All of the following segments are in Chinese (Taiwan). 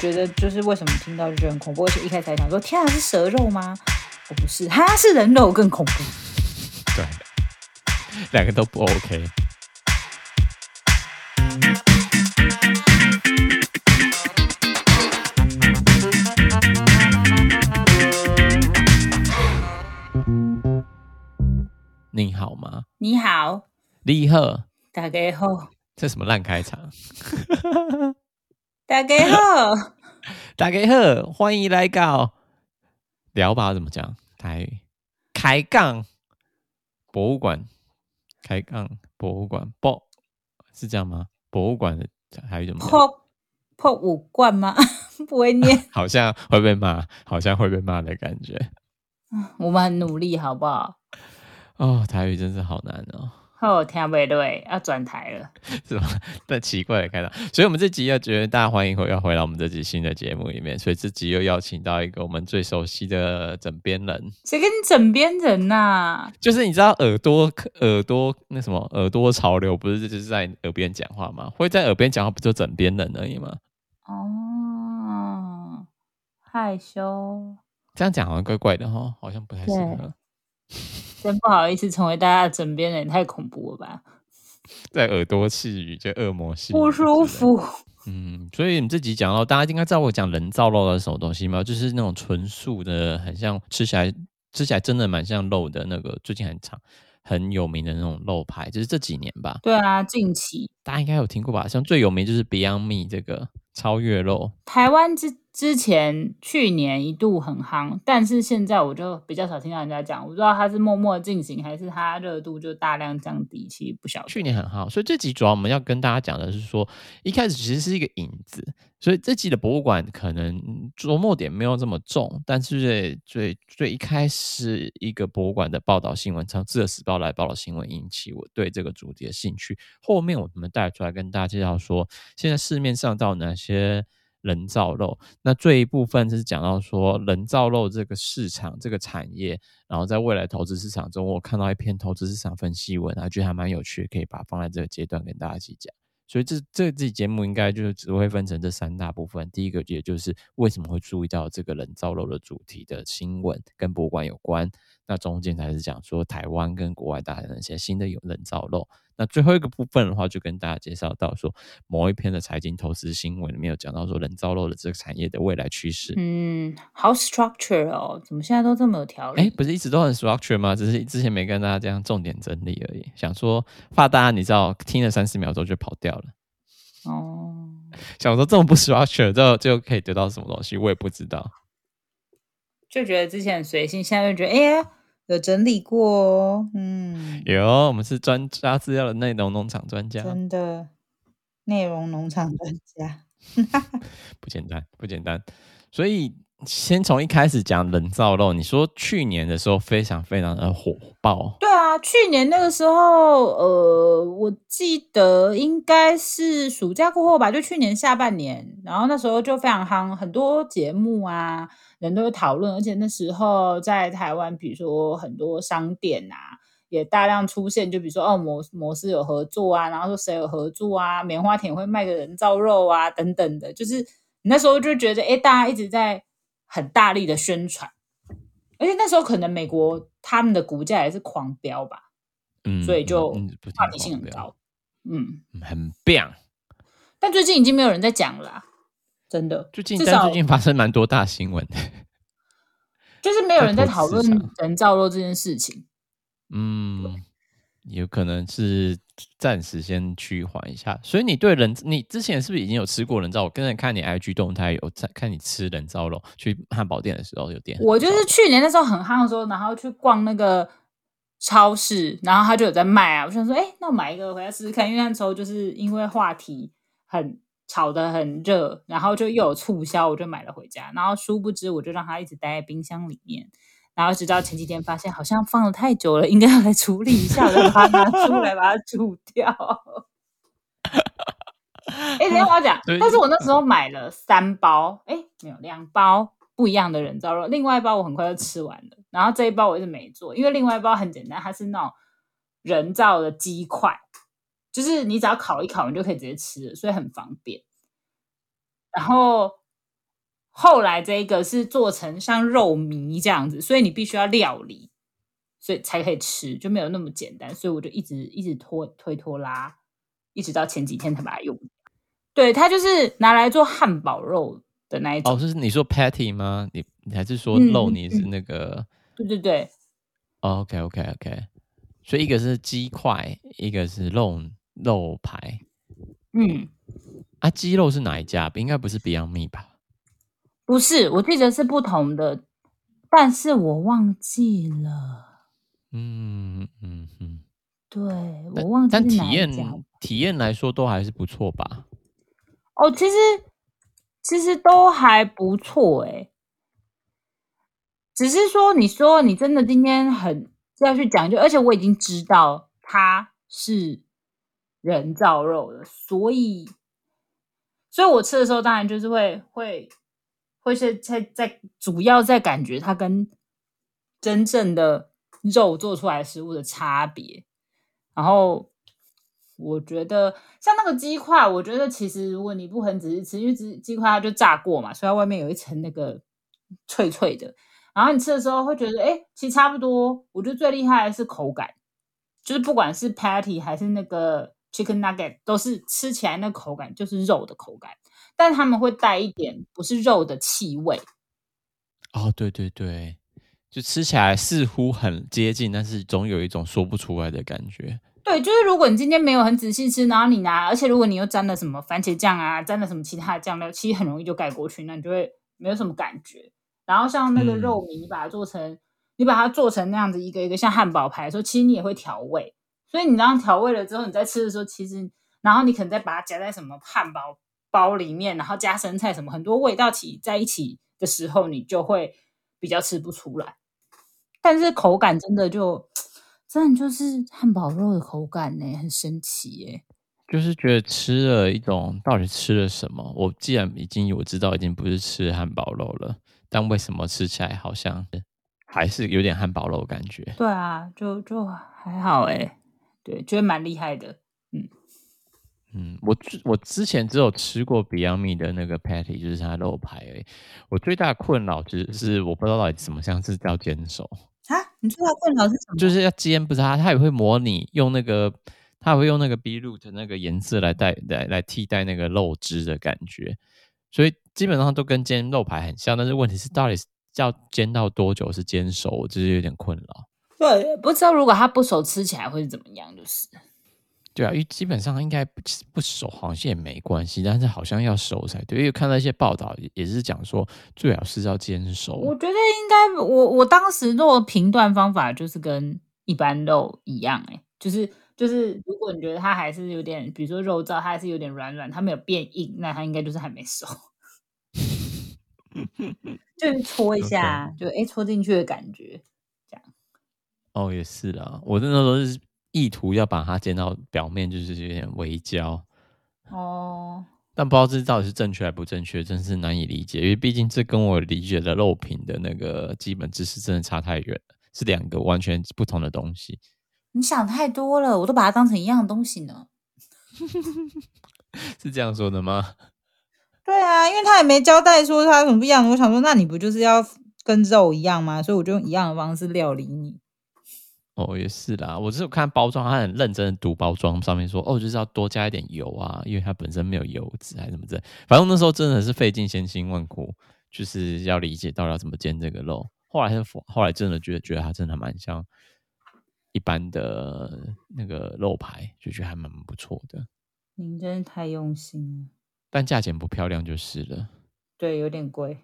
覺得就是為什麼聽到就覺得很恐怖？而且一開始還想說，天啊，是蛇肉嗎？我不是，它是人肉更恐怖。對，兩個都不 OK。你好嗎？你好，你好。大家好。這什麼爛開場？ 大家好，大家好，歡迎來到聊吧，怎麼講？台語開槓博物館，開槓博物館，博是這樣嗎？博物館的台語怎麼講？破破五罐嗎？ 不會念， 好像會被罵，好像會被罵的感覺。我們很努力，好不好？哦，台語真是好難哦。哦，聽不對，要轉台了，是吧？太奇怪的開頭，所以我們這集要覺得大家歡迎回，要回來我們這集新的節目裡面，所以這集又邀請到一個我們最熟悉的枕邊人。誰跟你枕邊人吶、啊？就是你知道耳朵、耳朵那什麼耳朵潮流，不是就是在耳邊講話嗎？會在耳邊講話，不就枕邊人而已嗎？哦，害羞，這樣講好像怪怪的哈，好像不太適合。真不好意思成為大家的枕邊人，太恐怖了吧！ 在耳朵賜予這惡魔性不舒服。嗯，所以你這集講到，大家應該知道我講人造肉的什麼東西嗎？就是那種純素的，很像吃起來吃起來真的蠻像肉的那個，最近很常很有名的那種肉排，就是這幾年吧。對啊，近期大家應該有聽過吧？像最有名就是 Beyond Meat 這個超越肉，台灣之。之前去年一度很夯，但是現在我就比較少聽到人家講，我不知道它是默默進行，還是它熱度就大量降低，其實不小。去年很夯，所以這集主要我們要跟大家講的是說，一開始其實是一個引子，所以這集的博物館可能着墨點沒有這麼重，但是最最最一開始一個博物館的報道新聞，從《自由時報》來報道新聞引起我對這個主題的興趣，後面我們帶出來跟大家介紹說，現在市面上到哪些。人造肉，那這一部分就是講到說人造肉這個市場、這個產業，然後在未來投資市場中，我看到一篇投資市場分析文，啊，覺得還蠻有趣的，可以把它放在這個階段跟大家一起講。所以這這季節目應該就只會分成這三大部分。第一個也就是為什麼會注意到這個人造肉的主題的新聞，跟博物館有關。那中間才是講說台灣跟國外達成一些新的有人造肉。那最後一個部分的話，就跟大家介紹到說某一篇的財經投資新聞裡面有講到說人造肉的這個產業的未來趨勢。嗯，好 structure 哦，怎麼現在都這麼有條理？哎、欸，不是一直都很 structure 嗎？只是之前沒跟大家這樣重點整理而已，想說怕大家你知道聽了三十秒鐘就跑掉了。哦，想說這麼不 structure，最後最後可以得到什麼東西？我也不知道。就覺得之前隨性，現在就覺得哎。欸啊有整理過哦，嗯，有，我們是專家資料的內容農場專家，真的內容農場專家， 不簡單，不簡單。所以先從一開始講人造肉，你說去年的時候非常非常的火爆，對啊，去年那個時候，呃，我記得應該是暑假過後吧，就去年下半年，然後那時候就非常夯，很多節目啊。人都會討論，而且那時候在台灣，比如說很多商店啊，也大量出現，就比如說哦，摩摩斯有合作啊，然後說誰有合作啊，棉花田會賣個人造肉啊，等等的，就是你那時候就覺得，哎，大家一直在很大力的宣傳，而且那時候可能美國他們的股價也是狂飆吧，嗯，所以就話題性很高，嗯，嗯，很棒，但最近已經沒有人在講了啊。真的，最近最近發生蠻多大新聞的，就是沒有人在討論人造肉這件事情。嗯，對有可能是暫時先趨緩一下。所以你對人，你之前是不是已經有吃過人造肉？我剛才看你 IG 動態有在看你吃人造肉，去漢堡店的時候有點。我就是去年那時候很夯的時候，然後去逛那個超市，然後他就有在賣啊。我想說，哎、欸，那我買一個回來試試看。因為那時候就是因為話題很。炒得很熱，然後就又有促銷，我就買了回家，然後殊不知我就讓它一直待在冰箱裡面，然後直到前幾天發現好像放了太久了，應該要來處理一下，我就把它拿出來 把它煮掉。哎、 欸，等一下我要講，但是我那時候買了三包，哎、欸，沒有兩包不一樣的人造肉，另外一包我很快就吃完了，然後這一包我一直沒做，因為另外一包很簡單，它是那種人造的雞塊。就是你只要烤一烤，你就可以直接吃了，所以很方便。然後後來，這一個是做成像肉糜這樣子，所以你必須要料理，所以才可以吃，就沒有那麼簡單。所以我就一直一直拖推拖拉，一直到前幾天才把它用。對，它就是拿來做漢堡肉的那一種。哦，是你說 patty 嗎？你你還是說肉泥是那個？嗯嗯、對對對、哦。OK OK OK，所以一個是雞塊，一個是肉。肉排，嗯，啊，雞肉是哪一家？應該不是 Beyond Meat 吧？不是，我記得是不同的，但是我忘記了。嗯嗯嗯，嗯嗯對，那我忘記。但體驗體驗來說，都還是不錯吧？哦，其實其實都還不錯，哎，只是說你說你真的今天很要去講究，而且我已經知道，他是人造肉的，所以，所以我吃的時候，當然就是會會會是在在，在主要在感覺它跟真正的肉做出來食物的差別。然後我覺得像那個雞塊，我覺得其實如果你不很仔細吃，因為雞雞塊它就炸過嘛，所以它外面有一層那個脆脆的。然後你吃的時候會覺得，哎，其實差不多。我覺得最厲害的是口感，就是不管是 patty 還是那個。Chicken Nugget 都是吃起來那口感就是肉的口感，但他們會帶一點不是肉的氣味。哦，對對對，就吃起來似乎很接近，但是總有一種說不出來的感覺。對，就是如果你今天沒有很仔細吃，然後你拿，而且如果你又沾了什麼番茄醬啊，沾了什麼其他的醬料，其實很容易就蓋過去，那你就會沒有什麼感覺。然後像那個肉糜你把它做成，嗯、你把它做成那樣子一個一個像漢堡排的時候，說其實你也會調味。所以你當調味了之後，你在吃的時候，其實，然後你可能再把它夾在什麼漢堡包裡面，然後加生菜什麼，很多味道起在一起的時候，你就會比較吃不出來。但是口感真的就，真的就是漢堡肉的口感呢，很神奇耶。就是覺得吃了一種到底吃了什麼？我既然已經我知道已經不是吃漢堡肉了，但為什麼吃起來好像還是有點漢堡肉感覺？對啊，就就還好誒。對，覺得蠻厲害的，嗯，嗯，我我之前只有吃過 b i y m i 的那個 patty，就是它肉排。我最大的困擾就是我不知道到底什麼像是叫煎熟啊？你最大困擾是什麼？就是要煎，不是它，它也會模擬用那個，它會用那個 B 肉的那個顏色來代、嗯、來來替代那個肉汁的感覺，所以基本上都跟煎肉排很像。但是問題是，到底叫煎到多久是煎熟，就是有點困擾。對，不知道如果它不熟，吃起來會是怎麼樣？就是，對啊，因為基本上應該不不熟好像也沒關係，但是好像要熟才對。因為看到一些報道，也是講說最好是要煎熟。我覺得應該，我我當時做的評斷方法就是跟一般肉一樣，欸，哎，就是就是，如果你覺得它還是有點，比如說肉燥，它還是有點軟軟，它沒有變硬，那它應該就是還沒熟。 就是搓一下，Okay. 就哎，搓，欸，搓進去的感覺。哦，也是啦，我那時候是意圖要把它煎到表面，就是有點微焦。哦，但不知道這到底是正確還不正確，真是難以理解。因為畢竟這跟我理解的肉品的那個基本知識真的差太遠，是兩個完全不同的東西。你想太多了，我都把它當成一樣東西呢。 是這樣說的嗎？ 對啊，因為他也沒交代說他有什麼不一樣的，我想說，那你不就是要跟肉一樣嗎？所以我就用一樣的方式料理你。哦，也是啦，我是有看包裝，他很認真的讀包裝上面說，哦，就是要多加一點油啊，因為它本身沒有油脂還什麼之類，反正那時候真的是費盡千辛萬苦，就是要理解到底要怎麼煎這個肉。後來是後來真的覺得覺得它真的蠻像一般的那個肉排，就覺得還蠻不錯的。您真的太用心了，但價錢不漂亮就是了。對，有點貴。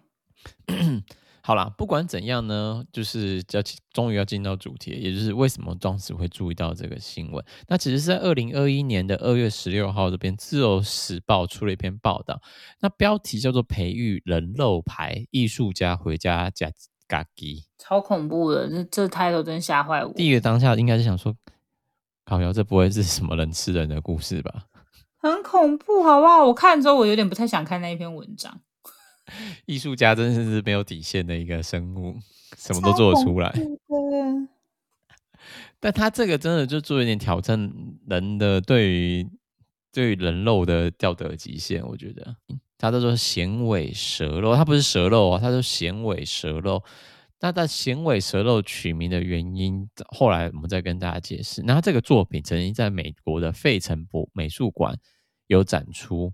好啦，不管怎樣呢，就是要終於要進到主題，也就是為什麼當時會注意到這個新聞。那其實是在二零二一年的二月十六號，這邊自由時報出了一篇報道，那標題叫做《培育人肉排藝術家回家加嘎吉》，超恐怖的，這這度真嚇壞我。第一個當下應該是想說，好呀，這不會是什麼人吃人的故事吧？很恐怖，好不好？我看之後，我有點不太想看那一篇文章。藝術家真的是沒有底線的一個生物，什麼都做得出來。但他這個真的就做一點挑戰人的對於對於人肉的道德極限，我覺得他叫做銜尾蛇肉，他不是蛇肉、啊，他說銜尾蛇肉。那在銜尾蛇肉取名的原因，後來我們再跟大家解釋。那他這個作品曾經在美國的費城博美術館有展出。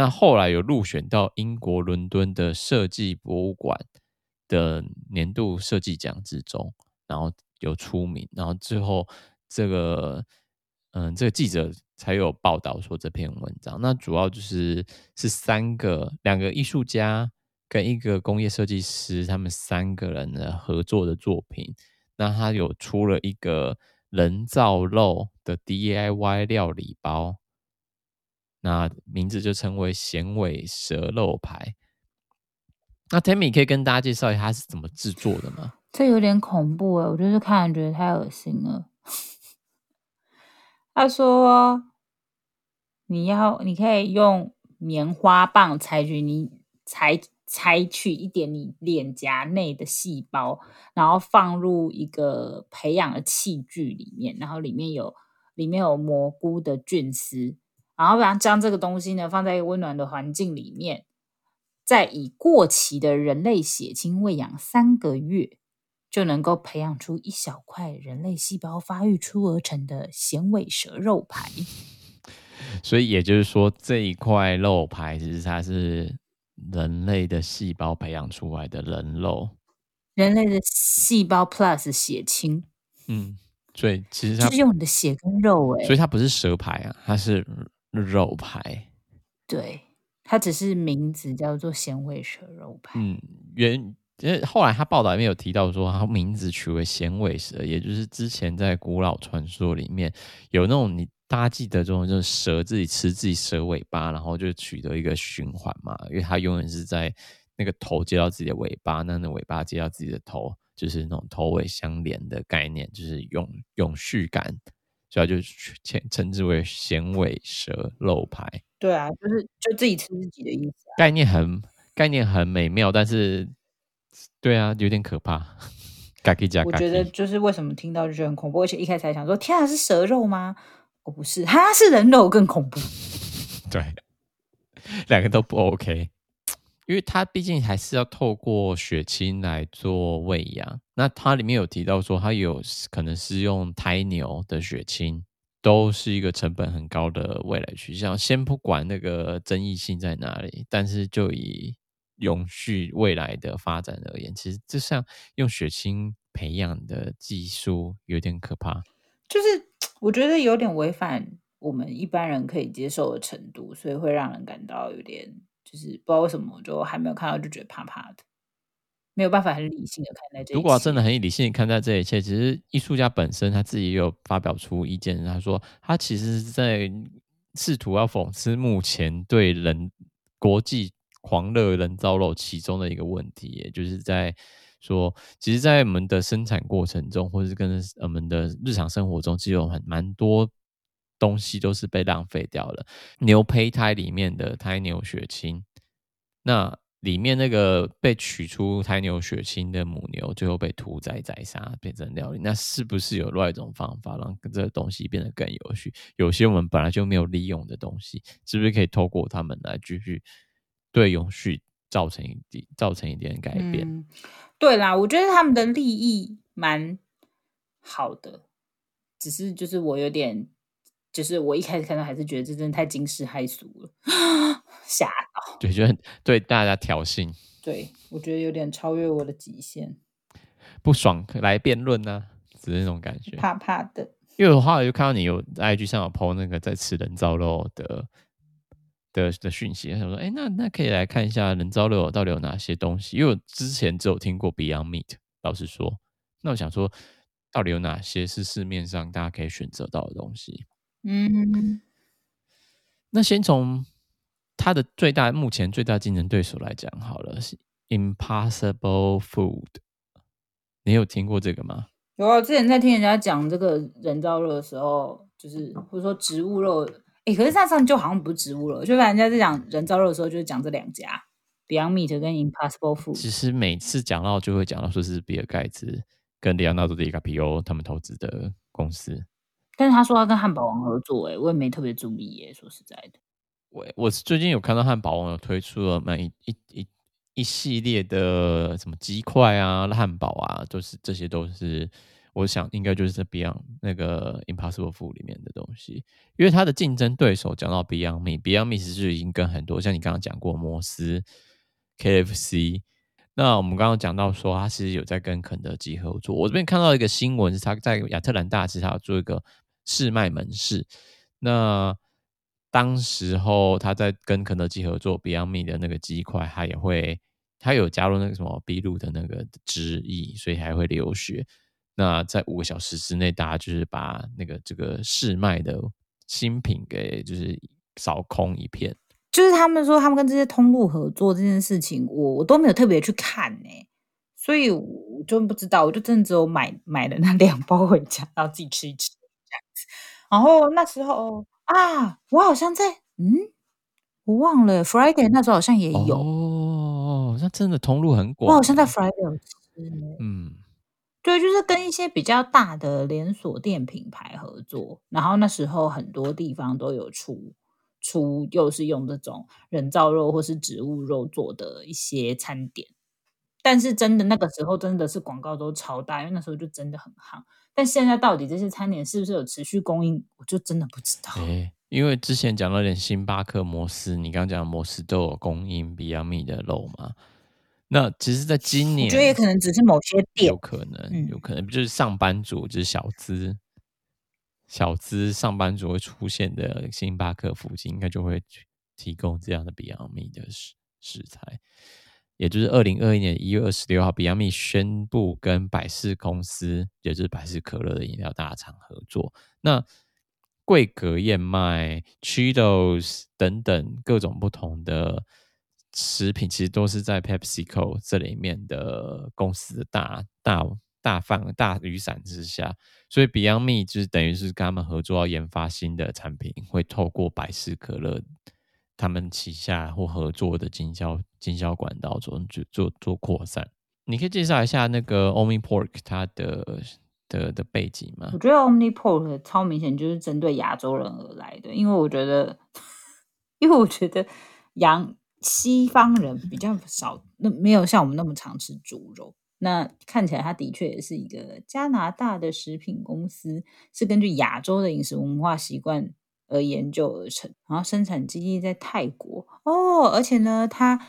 那後來有入選到英國倫敦的設計博物館的年度設計獎之中，然後有出名，然後最後這個嗯，這個記者才有報道說這篇文章。那主要就是是三個兩個藝術家跟一個工業設計師，他們三個人的合作的作品。那他有出了一個人造肉的 DIY 料理包。那名字就稱為鹹尾蛇肉排。那 Tammy 可以跟大家介紹一下它是怎麼制作的嗎？這有點恐怖哎、欸，我就是看了覺得太噁心了。他說，你要你可以用棉花棒採取你採採取一點你臉頰內的細胞，然後放入一個培養的器具裡面，然後裡面有裡面有蘑菇的菌絲。然後把它將這個東西呢，放在一個溫暖的環境裡面，再以過期的人類血清餵養三個月，就能夠培養出一小塊人類細胞發育出而成的銜尾蛇肉排。所以也就是說，這一塊肉排其實它是人類的細胞培養出來的人肉，人類的細胞 plus 血清。嗯，所以其實它是用你的血跟肉哎、欸，所以它不是蛇排啊，它是。肉排，對，它只是名字叫做銜尾蛇肉排。嗯，原因為後來他報道裡面有提到說，他名字取為銜尾蛇，也就是之前在古老傳說裡面有那種你大家記得這種，就是蛇自己吃自己蛇尾巴，然後就取得一個循環嘛，因為它永遠是在那個頭接到自己的尾巴，那那個尾巴接到自己的頭，就是那種頭尾相連的概念，就是永永續感。主要就是稱稱之為銜尾蛇肉排，對啊，就是就自己吃自己的意思啊。概念很概念很美妙，但是對啊，有點可怕。我覺得就是為什麼聽到就覺得很恐怖，而且一開始還想說天啊，是蛇肉嗎？我不是，它是人肉更恐怖。 對，兩個都不 OK。因為它畢竟還是要透過血清來做餵養，那它裡面有提到說，它有可能是用胎牛的血清，都是一個成本很高的未來趨向。先不管那個爭議性在哪裡，但是就以永續未來的發展而言，其實就像用血清培養的技術，有點可怕。就是我覺得有點違反我們一般人可以接受的程度，所以會讓人感到有點。就是不知道為什麼，就還沒有看到就覺得怕怕的，沒有辦法很理性的看待這。如果真的很理性的看待這一切，其實藝術家本身他自己也有發表出意見，他說他其實是在試圖要諷刺目前對人國際狂熱人造肉其中的一個問題，也就是在說，其實，在我們的生產過程中，或者是跟我們的日常生活中，其實有很蠻多。東西都是被浪費掉了。牛胚胎裡面的胎牛血清，那裡面那個被取出胎牛血清的母牛，最後被屠宰宰殺變成料理，那是不是有另外一種方法讓這個東西變得更有序？有些我們本來就沒有利用的東西，是不是可以透過他們來繼續對永續造成一點造成一點改變？嗯，對啦，我覺得他們的利益蠻好的，只是就是我有點。就是我一開始看到還是覺得這真的太驚世駭俗了，嚇 到。對，就很對大家挑釁。對，我覺得有點超越我的極限，不爽。來辯論呢，只、就是那種感覺。怕怕的，因為我後來就看到你有 IG 上有 po 那個在吃人造肉的的的訊息，想說，誒、欸、那那可以來看一下人造肉到底，到底有哪些東西？因為我之前只有聽過 Beyond Meat，老實說，那我想說，到底有哪些是市面上大家可以選擇到的東西？嗯，mm hmm. 那先從它的最大，目前最大競爭對手來講好了。Impossible Food，你有聽過這個嗎？有啊。哦，之前在聽人家講這個人造肉的時候，就是或者說植物肉，哎，可是上上就好像不是植物肉，就反正人家在講人造肉的時候，就是講這兩家 Beyond Meat 跟 Impossible Food。其實每次講到就會講到說是比爾蓋茨跟里昂納多狄卡皮歐他們投資的公司。但是他說他跟漢堡王合作、欸，哎，我也沒特別注意耶、欸。說實在的，我我是最近有看到漢堡王有推出了蠻一一一,一系列的什麼雞塊啊、漢堡啊，都、就是這些都是我想應該就是在 Beyond 那個 Impossible Food 裡面的東西，因為它的競爭對手講到 Beyond Meat，Beyond Meat 其實已經跟很多像你剛剛講過摩斯、KFC，那我們剛剛講到說他其實有在跟肯德基合作，我這邊看到一個新聞是他在亞特蘭大，其實他有做一個。試賣門市，那當時候他在跟肯德基合作 Beyond Meat 的那個雞塊，他也會他有加入那個什麼 B 路的那個汁液，所以還會流血。那在五個小時之內，大家就是把那個這個試賣的新品給就是掃空一片。就是他們說他們跟這些通路合作這件事情，我我都沒有特別去看呢、欸，所以我就不知道，我就真的只有買買了那兩包回家，然後自己吃一吃。然後那時候啊，我好像在，嗯，我忘了，Friday 那時候好像也有哦，好像真的通路很廣。我好像在 Friday 有吃，嗯，對，就是跟一些比較大的連鎖店品牌合作。然後那時候很多地方都有出出，就是用這種人造肉或是植物肉做的一些餐點。但是真的那個時候真的是廣告都超大，因為那時候就真的很夯。但現在到底這些餐點是不是有持續供應，我就真的不知道。欸、因為之前講到點星巴克、摩斯，你剛講摩斯都有供應 Beyond Me 的肉嘛？那其實，在今年我覺得也可能只是某些店，有可能，嗯、有可能就是上班族，就是小資、小資上班族會出現的星巴克附近，應該就會提供這樣的 Beyond Me 的食材。也就是二零二一年一月二十六號，Beyond Me 宣布跟百事公司，也就是百事可樂的飲料大廠合作。那桂格燕麥、Cheetos 等等各種不同的食品，其實都是在 PepsiCo 這裡面的公司的大大大放大雨傘之下，所以 Beyond Me 就是等於是跟他們合作，要研發新的產品，會透過百事可樂。他們旗下或合作的經銷經銷管道，做做做做擴散。你可以介紹一下那個 Omni Pork 它的的的的背景嗎？我覺得 Omni Pork 超明顯就是針對亞洲人而來的，因為我覺得，因為我覺得洋西方人比較少，那沒有像我們那麼常吃豬肉。那看起來它的確也是一個加拿大的食品公司，是根據亞洲的飲食文化習慣，而研究而成，然後生產基地在泰國哦，而且呢，他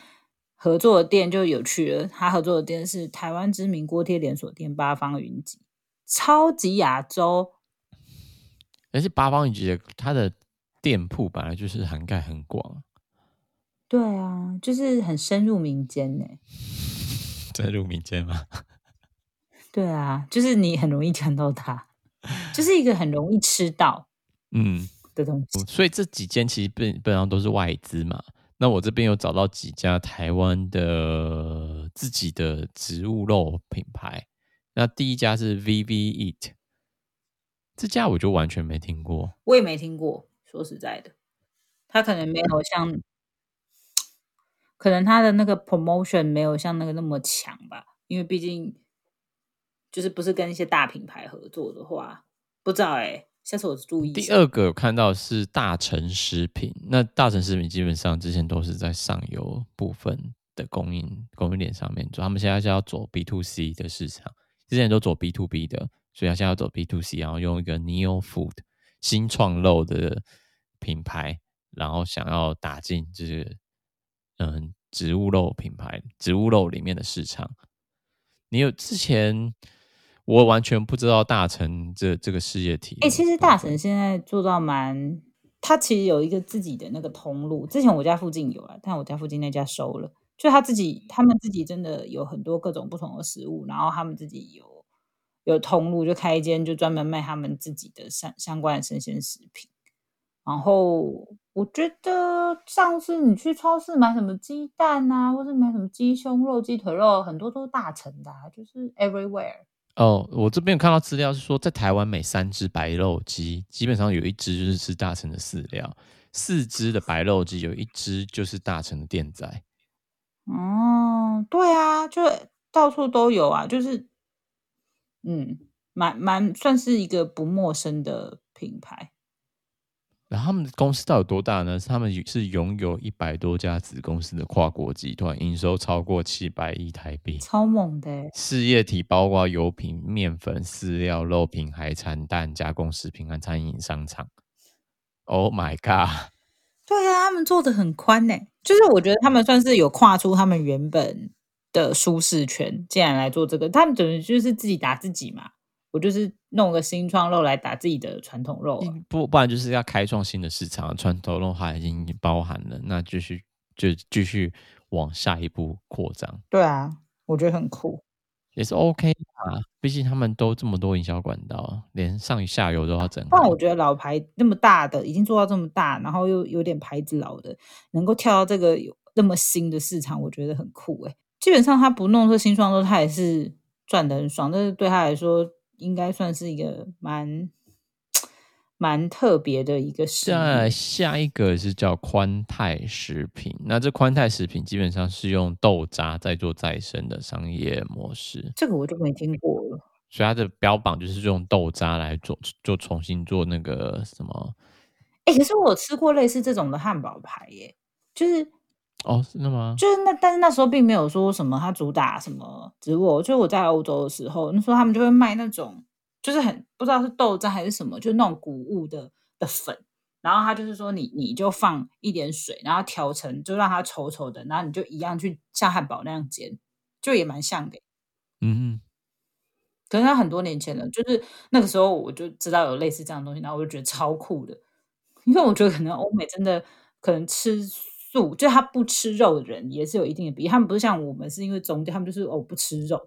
合作的店就有趣了。他合作的店是台灣知名鍋貼連鎖店八方雲集，超級亞洲。而且八方雲集的，他的店鋪本來就是涵蓋很廣。對啊，就是很深入民間呢。深 入民間嗎？ 對啊，就是你很容易看到它，就是一個很容易吃到。嗯。的東西，所以這幾間其實基本上都是外資嘛。那我這邊有找到幾家台灣的自己的植物肉品牌，那第一家是 VV Eat，這家我就完全沒聽過，我也沒聽過。說實在的，他可能沒有像，可能他的那個 promotion 沒有像那個那麼強吧，因為畢竟就是不是跟一些大品牌合作的話，不知道哎、欸。下次我注意。第二個看到是大成食品，那大成食品基本上之前都是在上游部分的供應供應鏈上面做，他們現在是要走 B to C 的市場，之前都走 B to B 的，所以他現在要走 B to C，然後用一個 Neo Food 新創肉的品牌，然後想要打進這個嗯植物肉品牌、植物肉裡面的市場。你有之前？我完全不知道大成這這個事業體。哎、欸，其實大成現在做到蠻，他其實有一個自己的那個通路。之前我家附近有啊，但我家附近那家收了。就他自己，他們自己真的有很多各種不同的食物，然後他們自己有有通路，就開一間就專門賣他們自己的相相關的生鮮食品。然後我覺得上次你去超市買什麼雞蛋啊，或是買什麼雞胸肉、雞腿肉，很多都是大成的，啊，就是 everywhere。哦，我這邊有看到資料，是說在台灣每三隻白肉雞，基本上有一隻就是吃大成的飼料，四隻的白肉雞有一隻就是大成的電宰。哦、嗯，對啊，就到處都有啊，就是，嗯，蠻蠻算是一個不陌生的品牌。然後他們的公司到底有多大呢？他們是擁有一百多家子公司的跨國集團，營收超過七百億台幣，超猛的事業體包括油品、麵粉、飼料、肉品、海產、蛋加工食品和餐飲商場。Oh my god！對呀、啊，他們做的很寬呢。就是我覺得他們算是有跨出他們原本的舒適圈，竟然來做這個。他們怎麼就是自己打自己嘛？我就是。弄個新創肉來打自己的傳統肉，不不然就是要開創新的市場啊。傳統肉還已經包含了，那繼續就繼續往下一步擴張。對啊，我覺得很酷，也是 OK 啊。畢竟他們都這麼多營銷管道，連上下游都要整。但我覺得老牌那麼大的已經做到這麼大，然後又有點牌子老的，能夠跳到這個有那麼新的市場，我覺得很酷欸。基本上他不弄出新創肉，他也是賺得很爽。但是對他來說，應該算是一個蠻蠻特別的一個事。下下一個是叫寬泰食品，那這寬泰食品基本上是用豆渣在做再生的商業模式。這個我就沒聽過了。所以它的標榜就是用豆渣來做，就重新做那個什麼？哎、欸，可是我有吃過類似這種的漢堡排耶、欸，就是。哦，oh, 是嗎？就是那，但是那時候並沒有說什麼，它主打什麼植物。就我在歐洲的時候，那時候他們就會賣那種，就是很不知道是豆渣還是什麼，就是，那種穀物的的粉。然後他就是說你你你就放一點水，然後調成，就讓它稠稠的，然後你就一樣去像漢堡那樣煎，就也蠻像的。嗯哼。可是他很多年前了，就是那個時候我就知道有類似這樣的東西，然後我就覺得超酷的，因為我覺得可能歐美真的可能吃。素就是他不吃肉的人也是有一定的比例，他們不是像我們是因為宗教，他們就是哦不吃肉，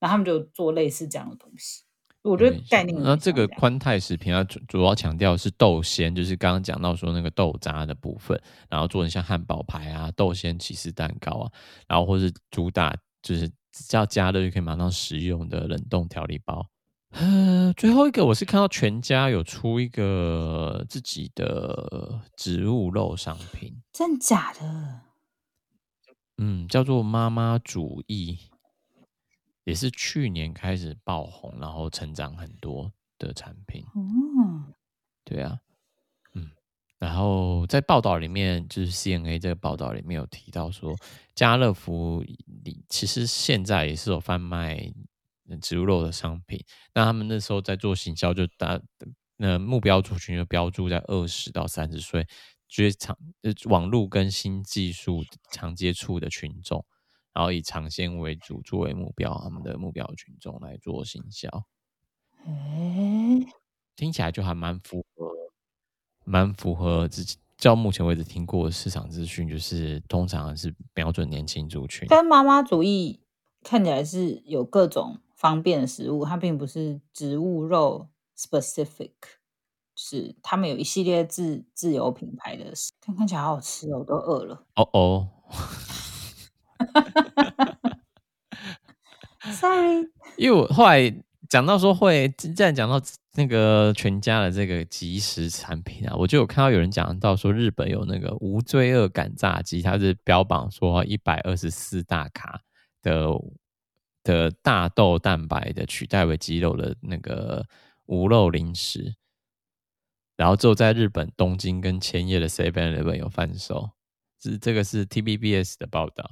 然後他們就做類似這樣的東西。我覺得概念、嗯。那這個寬泰食品啊，主主要強調的是豆纖，就是剛剛講到說那個豆渣的部分，然後做成像漢堡排啊、豆纖起司蛋糕啊，然後或是主打就是只要加熱就可以馬上食用的冷凍調理包。呃，最後一個我是看到全家有出一個自己的植物肉商品，真假的？嗯，叫做媽媽煮藝，也是去年開始爆紅，然後成長很多的產品。哦，對啊，嗯，然後在報道裡面，就是 CNA 這個報道裡面有提到說，家樂福裡其實現在也是有販賣。植物肉的商品，那他們那時候在做行銷，就打那目標族群就標注在二十到三十歲，最、就、常、是、網絡跟新技術常接觸的群眾，然後以嘗鮮為主作為目標，他們的目標的群眾來做行銷。嗯、欸，聽起來就還蠻符合，蠻符合自己到目前為止聽過的市場資訊，就是通常是瞄準年輕族群。但媽媽煮藝看起來是有各種。方便的食物，它並不是植物肉，specific，是他們有一系列自自有品牌的，看看起來好好吃哦，喔，我都餓了。哦哦，哈，因為我後來講到說會，再講到既然講到那個全家的這個即食產品啊，我就有看到有人講到說日本有那個無罪惡感炸雞，它是標榜說一百二十四大卡的。的大豆蛋白的取代為雞肉的那個無肉零食，然後之後在日本東京跟千葉的 Seven Eleven 有販售，是這個是 TBBS 的報道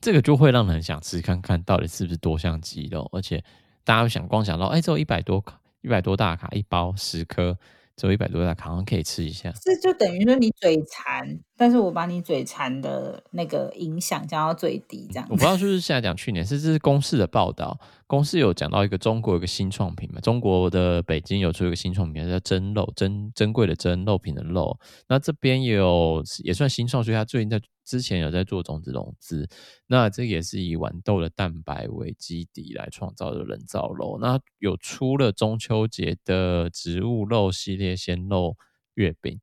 這個就會讓人很想吃，看看到底是不是多像雞肉，而且大家又想光想到，哎、欸，這有一百多卡，一百多大卡一包，十顆。只有一百多大卡，好像可以吃一下。這就等於說你嘴饞，但是我把你嘴饞的那個影響降到最低，這樣、嗯。我不知道是不是現在講去年，是這是公視的報道公司有講到一個中國一個新創品嘛，中國的北京有出一個新創品叫珍，叫珍肉珍珍貴的珍肉品的肉。那這邊有也算新創，所以它最近在之前有在做種子融資。那這也是以豌豆的蛋白為基底來創造的人造肉。那有出了中秋節的植物肉系列鮮肉月餅，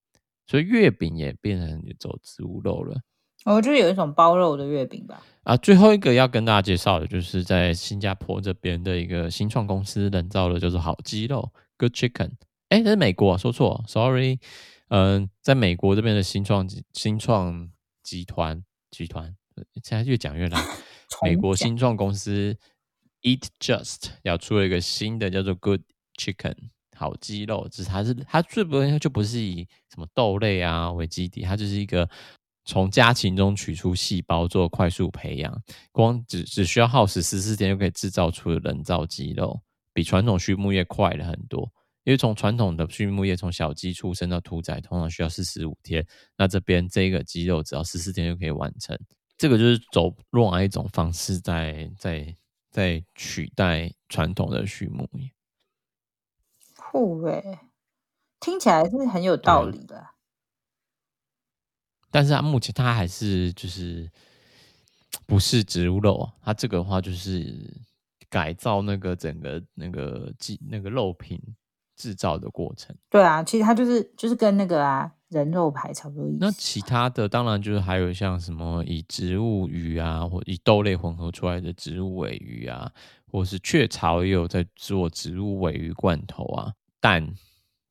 所以月餅也變成一種植物肉了。我覺得有一種包肉的月餅吧。啊，最後一個要跟大家介紹的，就是在新加坡這邊的一個新創公司人造的，叫做好雞肉 （Good Chicken）。哎、欸，這是美國，說錯，Sorry。嗯、呃，在美國這邊的新創新創集團集團，現在越講越來 講美國新創公司 Eat Just 要出了一個新的叫做 Good Chicken 好雞肉，只是它是它最不一就不是以什麼豆類啊為基底，它就是一個。從家禽中取出細胞做快速培養，光只只需要耗時十四天，就可以製造出人造雞肉，比傳統畜牧業快了很多。因為從傳統的畜牧業，從小雞出生到屠宰，通常需要四十五天，那這邊這個雞肉只要十四天就可以完成。這個就是走另外一種方式在、在在在取代傳統的畜牧業。酷哎、欸，聽起來是很有道理的。但是它、啊、目前它還是就是不是植物肉啊？它這個的話就是改造那個整個那個那個肉品製造的過程。對啊，其實它就是就是跟那個啊人肉排差不多一樣。那其他的當然就是還有像什麼以植物魚啊，或以豆類混合出來的植物鮪魚啊，或是雀巢也有在做植物鮪魚罐頭啊，但。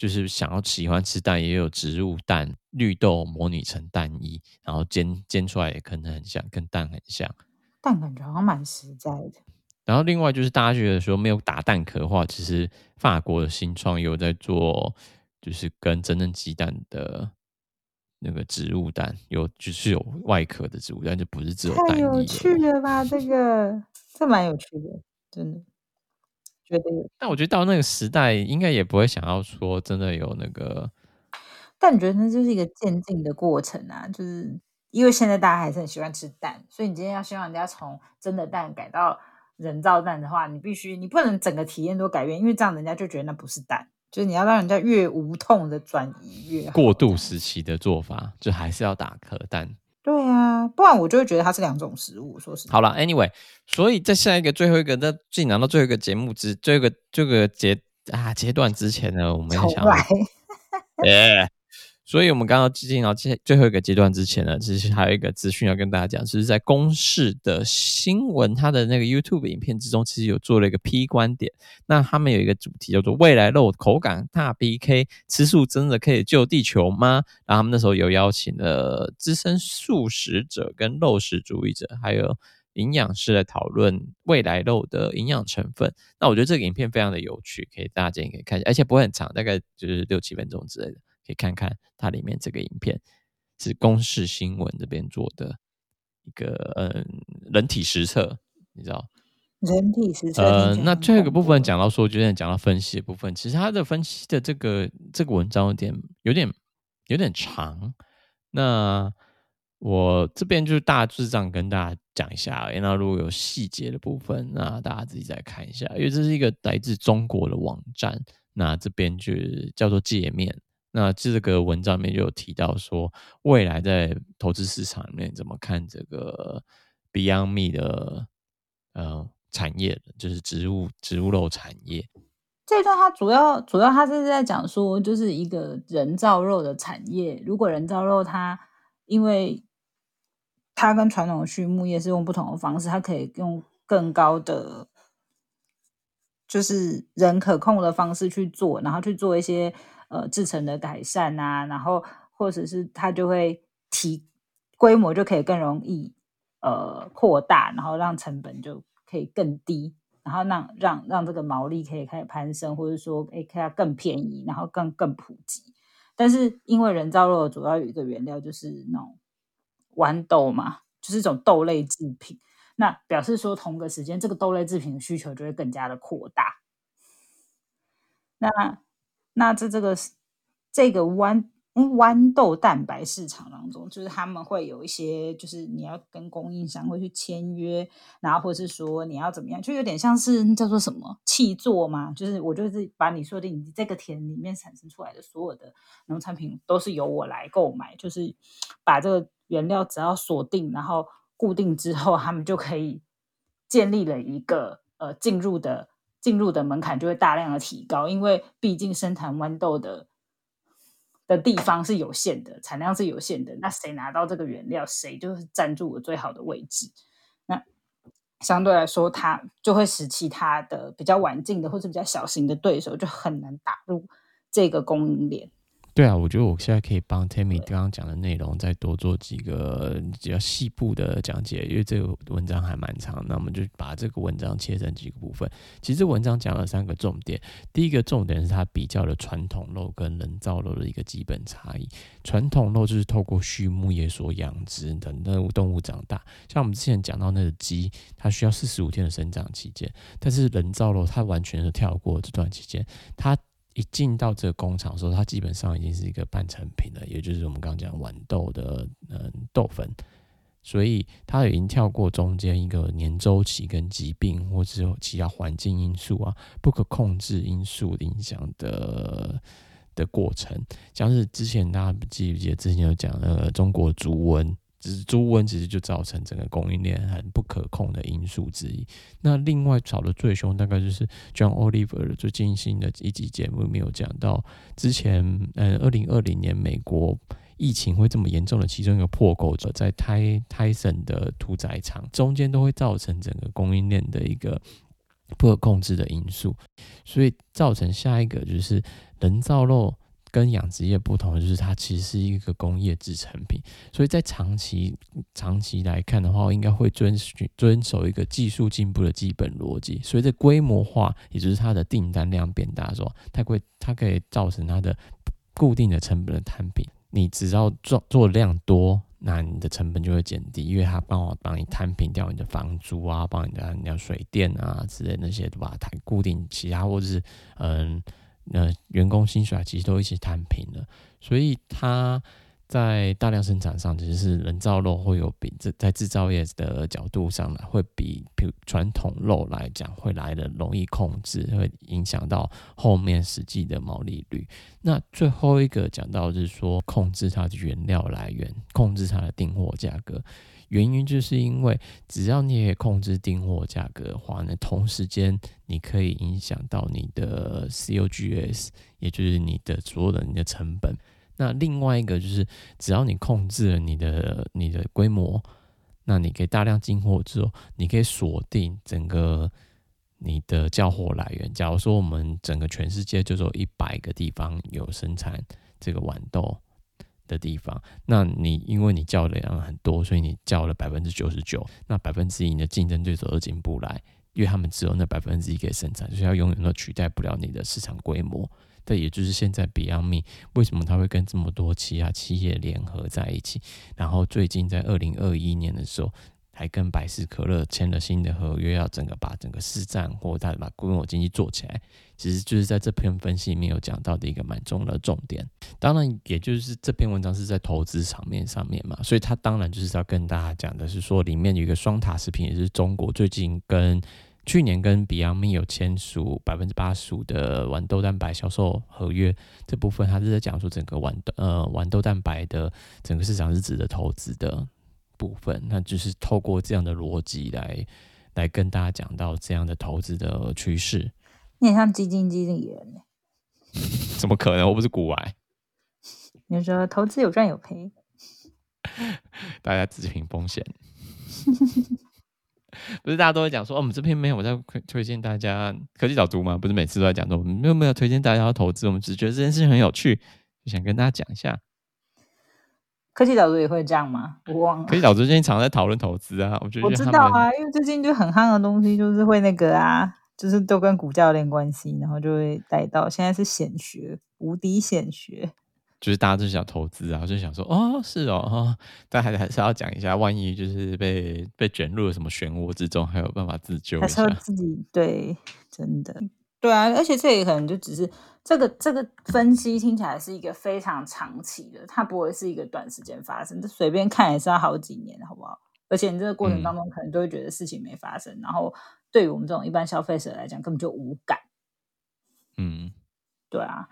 就是想要喜歡吃蛋，也有植物蛋、綠豆模擬成蛋衣，然後煎，煎出來也可能很像，跟蛋很像。蛋感覺好像蠻實在的。然後另外就是大家覺得說沒有打蛋殼的話，其實法國的新創有在做，就是跟真正雞蛋的那個植物蛋，有就是有外殼的植物蛋，但就不是這種。太有趣了吧？ 這個這蠻有趣的，真的。對對對，但我覺得到那個時代應該也不會想要說真的有那個。但你覺得那就是一個漸進的過程啊，就是因為現在大家還是很喜歡吃蛋，所以你今天要希望人家從真的蛋改到人造蛋的話，你必須你不能整個體驗都改變，因為這樣人家就覺得那不是蛋。就是你要讓人家越無痛的轉移越。過渡時期的做法，就還是要打顆蛋。對啊，不然我就會覺得它是兩種食物，說實話好了，Anyway，所以在下一個最後一個，那進來到最後一個節目之最後一個這個節啊階段之前呢，我們要想，來 Yeah. 所以，我們剛剛接近到這最後一個階段之前呢，其實還有一個資訊要跟大家講，就是在公視的新聞，它的那個 YouTube 影片之中，其實有做了一個 P 觀點。那他們有一個主題叫做“未來肉口感大 PK”，吃素真的可以救地球嗎？然後他們那時候有邀請了資深素食者、跟肉食主義者，還有營養師來討論未來肉的營養成分。那我覺得這個影片非常的有趣，可以大家建議可以看一下，而且不會很長，大概就是六七分鐘之類的。你看看它裡面這個影片，是公視新聞這邊做的一個嗯、呃、人體實測，你知道？人體實測。嗯、呃，那最後一個部分講到說，就是講到分析的部分，其實它的分析的這個這個文章有點有點有點長。那我這邊就是大致上跟大家講一下，那如果有細節的部分，那大家自己再看一下，因為這是一個來自中國的網站，那這邊就叫做界面。那這個文章裡面就有提到說，未來在投資市場裡面怎麼看這個 Beyond Meat 的呃產業，就是植物植物肉產業。這一段它主要主要它是在講說，就是一個人造肉的產業。如果人造肉它，因為它跟傳統畜牧業是用不同的方式，它可以用更高的就是人可控的方式去做，然後去做一些。呃，製成的改善啊，然後或者是它就會提規模，就可以更容易呃擴大，然後讓成本就可以更低，然後讓讓讓這個毛利可以開始攀升，或者說誒，欸，它更便宜，然後更更普及。但是因為人造肉主要有一個原料就是那種豌豆嘛，就是一種豆類製品，那表示說同個時間這個豆類製品的需求就會更加的擴大，那。那這這個這個豌哎豌豆蛋白市場當中，就是他們會有一些，就是你要跟供應商會去簽約，然後或者是說你要怎麼樣，就有點像是叫做什麼契作嘛，就是我就是把你說的你這個田裡面產生出來的所有的農產品都是由我來購買，就是把這個原料只要鎖定然後固定之後，他們就可以建立了一個呃進入的。進入的門檻就會大量的提高，因為畢竟生產豌豆的的地方是有限的，產量是有限的。那誰拿到這個原料，誰就是占住我最好的位置。那相對來說，它就會使其他的比較晚進的或者比較小型的對手就很難打入這個供應鏈。對啊，我覺得我現在可以幫 Tammy 剛剛講的內容再多做幾個比較細部的講解，因為這個文章還蠻長，那我們就把這個文章切成幾個部分。其實文章講了三個重點，第一個重點是它比較的傳統肉跟人造肉的一個基本差異。傳統肉就是透過畜牧業所養殖的，那動物長大，像我們之前講到那個雞，它需要四十五天的生長期間，但是人造肉它完全是跳過這段期間，它。一進到這個工廠的時候，它基本上已經是一個半成品了，也就是我們剛講豌豆的嗯豆粉，所以它已經跳過中間一個年週期跟疾病或者其他環境因素啊不可控制因素的影響的的過程，像是之前大家記不記得之前有講那個中國豬瘟？只是豬瘟，其實就造成整個供應鏈很不可控的因素之一。那另外吵得最兇，大概就是 John Oliver 最近新的一集節目沒有講到，之前呃，二零二零年美國疫情會這麼嚴重的其中一個破口者，在泰泰森的屠宰場中間都會造成整個供應鏈的一個不可控制的因素，所以造成下一個就是人造肉。跟養殖業不同，就是它其實是一個工業制成品，所以在長期、長期來看的話，我應該會遵循遵守一個技術進步的基本邏輯。隨着規模化，也就是它的訂單量變大的時候，說它會，它可以造成它的固定的成本的攤平。你只要做做量多，那你的成本就會減低，因為它幫我幫你攤平掉你的房租啊，幫你的，你的水電啊之類的那些對吧？把固定其他或者是嗯。呃，那員工薪水其實都一起攤平了，所以它在大量生產上其實是人造肉會有比在制造業的角度上呢，會比傳統肉來講會來的容易控制，會影響到後面實際的毛利率。那最後一個講到就是說控制它的原料來源，控制它的訂貨價格。原因就是因為，只要你可以控制訂貨價格的話，那同時間你可以影響到你的 COGS，也就是你的所有的你的成本。那另外一個就是，只要你控制了你的你的規模，那你可以大量進貨之後，你可以鎖定整個你的交貨來源。假如說我們整個全世界就是有一百個地方有生產這個豌豆，的地方，那你因為你叫的人很多，所以你叫了百分之九十九，那百分之一你的競爭對手都進不來，因為他們只有那百分之一可以生產，所以要永遠都取代不了你的市場規模。這也就是現在，Beyond Me 為什麼他會跟這麼多其他企業聯合在一起？然後最近在二零二一年的時候。還跟百事可樂簽了新的合約，要整個把整個市占或它把規模經濟做起來，其實就是在這篇分析裡面有講到的一個蠻重要的重點。當然，也就是這篇文章是在投資場面上面嘛，所以他當然就是要跟大家講的是說，裡面有一個雙塔食品，也是中國最近跟去年跟 Beyond Meat 有簽署百分之八十五的豌豆蛋白銷售合約這部分，他是在講述整個豌豆呃豌豆蛋白的整個市場是值得投資的。部分，那就是透過這樣的邏輯來來跟大家講到這樣的投資的趨勢。你很像基金經理人耶， 怎麼可能？我不是股外。你說，投資有賺有賠， 大家自己憑風險。 不是大家都會講說，哦，我們這篇沒有我在推推薦大家科技早讀嗎？不是每次都在講說，我們沒有沒有推薦大家要投資，我們只是覺得這件事情很有趣，就想跟大家講一下。科技老師也會這樣嗎？我忘了。科技老師最近常在討論投資啊，我覺得我知道啊，因為最近就很夯的東西就是會那個啊，就是都跟股價有點關係，然後就會帶到現在是顯學，無敵顯學，就是大家都想投資啊，就想說哦是哦，哦但還是還是要講一下，萬一就是被被捲入了什麼漩渦之中，還有辦法自救？還是要自己對真的。對啊，而且這也可能就只是這個這個分析聽起來是一個非常長期的，它不會是一個短時間發生。就隨便看也是要好幾年，好不好？而且你這個過程當中，可能都會覺得事情沒發生，嗯，然後對於我們這種一般消費者來講，根本就無感。嗯，對啊，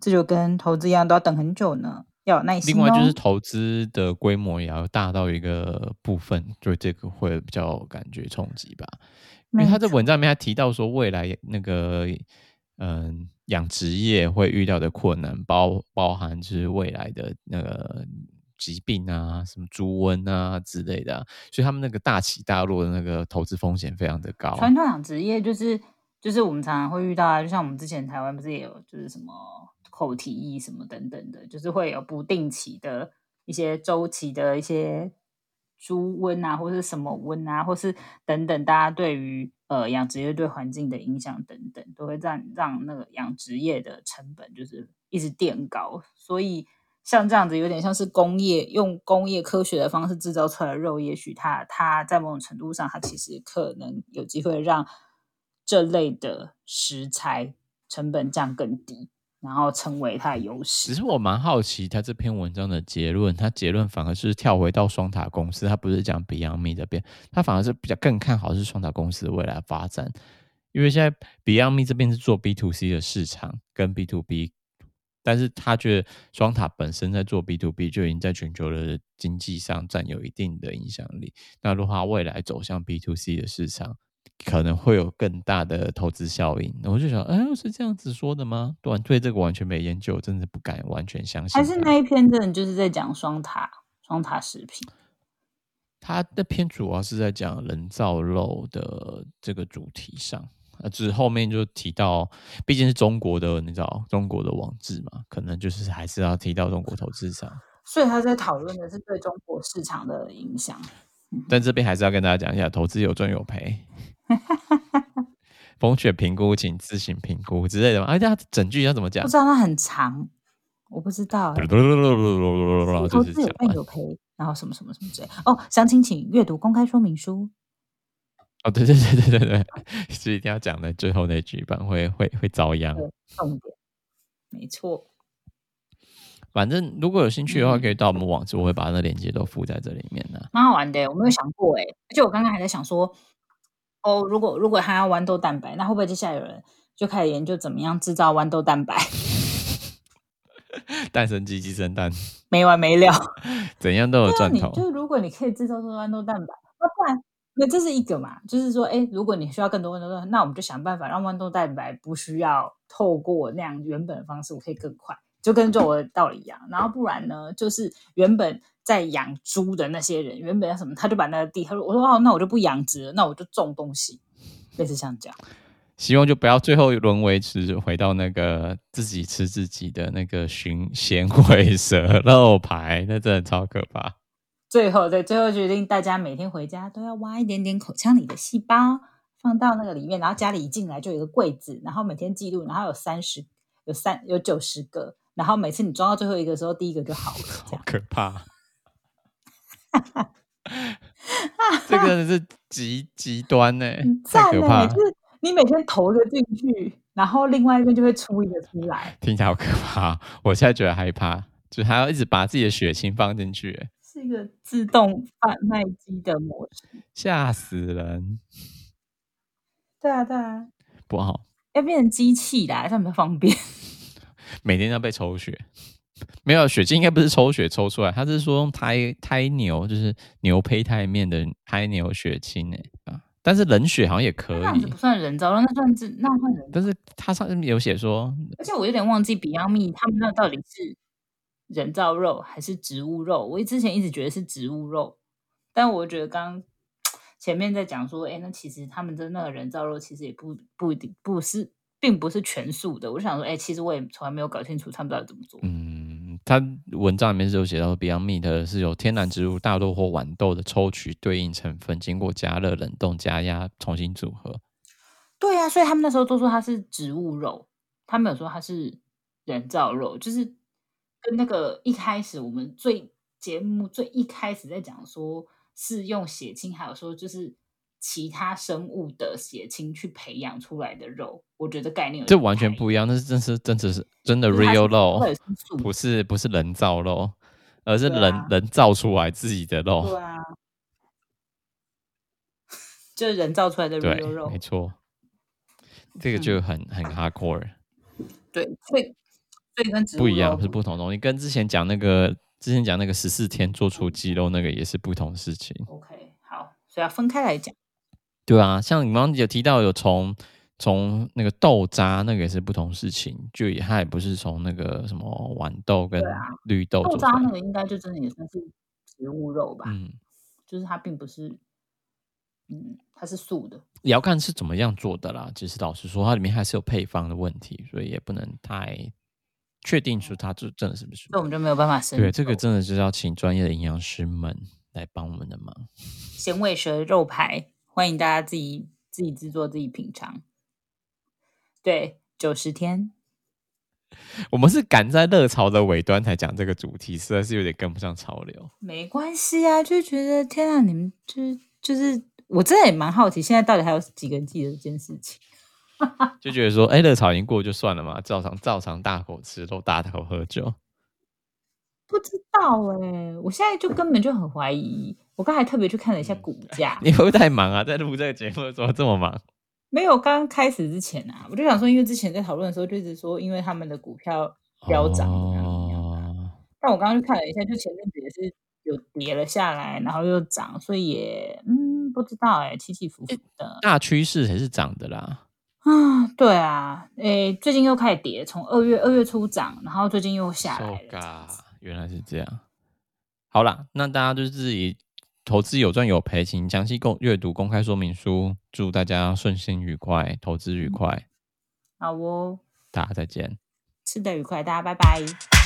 這就跟投資一樣，都要等很久呢，要有耐心哦。另外就是投資的規模也要大到一個部分，就這個會比較感覺衝擊吧。因為他這文章裡面還提到說，未來那個嗯養殖業會遇到的困難，包包含就是未來的那個疾病啊，什麼豬瘟啊之類的啊，所以他們那個大起大落的那個投資風險非常的高。傳統養殖業就是就是我們常常會遇到啊，就像我們之前台灣不是也有就是什麼口蹄疫什麼等等的，就是會有不定期的一些週期的一些。豬瘟啊，或是什麼瘟啊，或是等等，大家對於呃養殖業對環境的影響等等，都會讓讓那個養殖業的成本就是一直墊高。所以像這樣子，有點像是工業用工業科學的方式製造出來的肉，也許它它在某種程度上，它其實可能有機會讓這類的食材成本降更低。然後成為它的優勢。只是我蠻好奇，他這篇文章的結論，他結論反而是跳回到雙塔公司，他不是講 Beyond Meat 這邊，他反而是比較更看好是雙塔公司的未來發展。因為現在 Beyond Meat 這邊是做 B to C 的市場跟 B to B，但是他覺得雙塔本身在做 B to B 就已經在全球的經濟上占有一定的影響力。那如果他未來走向 B to C 的市場，可能會有更大的投資效應，我就想，哎、欸，是這樣子說的嗎？完對這個完全沒研究，真的不敢完全相信。還是那一篇，真的就是在講雙塔，雙塔食品。他的篇主要，啊，是在講人造肉的這個主題上，啊，就是後面就提到，畢竟是中國的，你知道中國的網誌嘛，可能就是還是要提到中國投資上。所以他在討論的是對中國市場的影響。嗯，但這邊還是要跟大家講一下，投資有賺有賠。哈哈 風險評估，請自行評估之類的嘛。哎、啊，那整句要怎麼講？ 不知道，它很長，我不知道、欸。 投資有賺有賠，然後什麼什麼什麼之類。哦，詳情請閱讀公開說明書。哦，對對對對對，對對，就是一定要講的，最後那一句版會會會遭殃。重點、嗯、沒錯。反正如果有興趣的話，可以到我們網，我會把那鏈接都附在這裡面的、啊。蠻好玩的、欸，我沒有想過哎、欸，而且我剛剛還在想說。哦、如果如果他要豌豆蛋白，那會不會接下來有人就開始研究怎麼樣制造豌豆蛋白？蛋 生雞，雞生蛋，沒完沒了，怎樣都有賺頭、啊。就是如果你可以制造出豌豆蛋白，那不然那這是一個嘛？就是說，哎、欸，如果你需要更多豌豆蛋白，那我們就想辦法讓豌豆蛋白不需要透過那樣原本的方式，我可以更快，就跟做我的道理一樣。然後不然呢，就是原本。在養豬的那些人，原本要什麼，他就把那個地，他說：“我說哦，那我就不養殖了，那我就種東西。”類似像這樣，希望就不要最後一輪維持，回到那個自己吃自己的那個尋賢味蛇肉排， 那真的超可怕。最後，在最後決定，大家每天回家都要挖一點點口腔裡的細胞，放到那個裡面，然後家裡一進來就有一個櫃子，然後每天記錄，然後有三十，有三有九十個，然後每次你裝到最後一個的時候，第一個就好了。好可怕。哈哈， 這個真的是極極端呢、欸，你欸、太可怕！你每天投的進去，然後另外一邊就會出一個出來，聽起來好可怕、喔。我現在覺得害怕，就還要一直把自己的血清放進去、欸，是一個自動販賣機的模式，嚇死人！對啊，對啊，對啊，不好，要變成機器啦，這麼方便， 每天要被抽血。沒有、啊、血清應該不是抽血抽出來，他是說用胎胎牛，就是牛胚胎面的胎牛血清啊，但是冷血好像也可以，這樣子不算人造肉。那算那算人造，但是他上面有寫說，而且我有點忘記 Beyond Meat 他們那到底是人造肉還是植物肉？我之前一直覺得是植物肉，但我覺得剛剛前面在講說，哎、欸，那其實他們的那個人造肉其實也不不一定不是，並不是全素的。我就想說，哎、欸，其實我也從來沒有搞清楚他們到底怎麼做，嗯。他文章裡面是有寫到 Beyond Meat 的是有天然植物大豆或豌豆的抽取對應成分，經過加熱、冷凍、加壓重新組合。對呀，啊，所以他們那時候都說它是植物肉，他們有說它是人造肉，就是跟那個一開始我們最節目最一開始在講說，是用血清，還有說就是。其他生物的血清去培養出來的肉，我覺得概念這完全不一樣。那是真是真的是真的 real 是是肉，不是不是人造肉，而是人、啊、人造出來自己的肉。對啊，就是人造出來的 real 對肉，沒錯。這個就很很 hard core。嗯啊、對，會。不一樣是不同的東西，跟之前講那個之前講那個十四天做出雞肉那個也是不同的事情。嗯、OK，好，所以要分開來講。對啊，像你剛剛有提到，有從從那個豆渣，那個也是不同事情，就也它也不是從那個什麼豌豆跟綠豆做、啊、豆渣那個，應該就真的也算是植物肉吧。嗯，就是它並不是，嗯，它是素的。你要看是怎麼樣做的啦。其實老實說，它裡面還是有配方的問題，所以也不能太確定出它就真的是不是。那我們就沒有辦法審。對，這個真的就是要請專業的營養師們來幫我們的忙。鹹味蛇肉排。歡迎大家自己自己製作自己品嘗。對，九十天。我們是趕在熱潮的尾端才講這個主題，實在是有點跟不上潮流。沒關係啊，就覺得天啊，你們就是就是，我真的也蠻好奇，現在到底還有幾個人記得這件事情？ 就覺得說，哎、欸，熱潮已經過就算了嘛，照常照常大口吃，都大口喝酒。不知道哎、欸，我現在就根本就很懷疑。我剛才特別去看了一下股價、嗯。你會不會太忙啊？在錄這個節目怎麼這麼忙？沒有，剛開始之前啊，我就想說，因為之前在討論的時候，就一直說因為他們的股票飆漲啊。哦、但我剛剛去看了一下，就前面也是有跌了下來，然後又漲，所以也嗯，不知道哎、欸，起起伏伏的。欸、大趨勢還是漲的啦。啊，對啊、欸，最近又開始跌，從二月二月初漲，然後最近又下來了。原來是這樣，好啦，那大家就自己投資有賺有賠，請詳細公閱讀公開說明書。祝大家順心愉快，投資愉快。好哦，大家再見，吃得愉快，大家拜拜。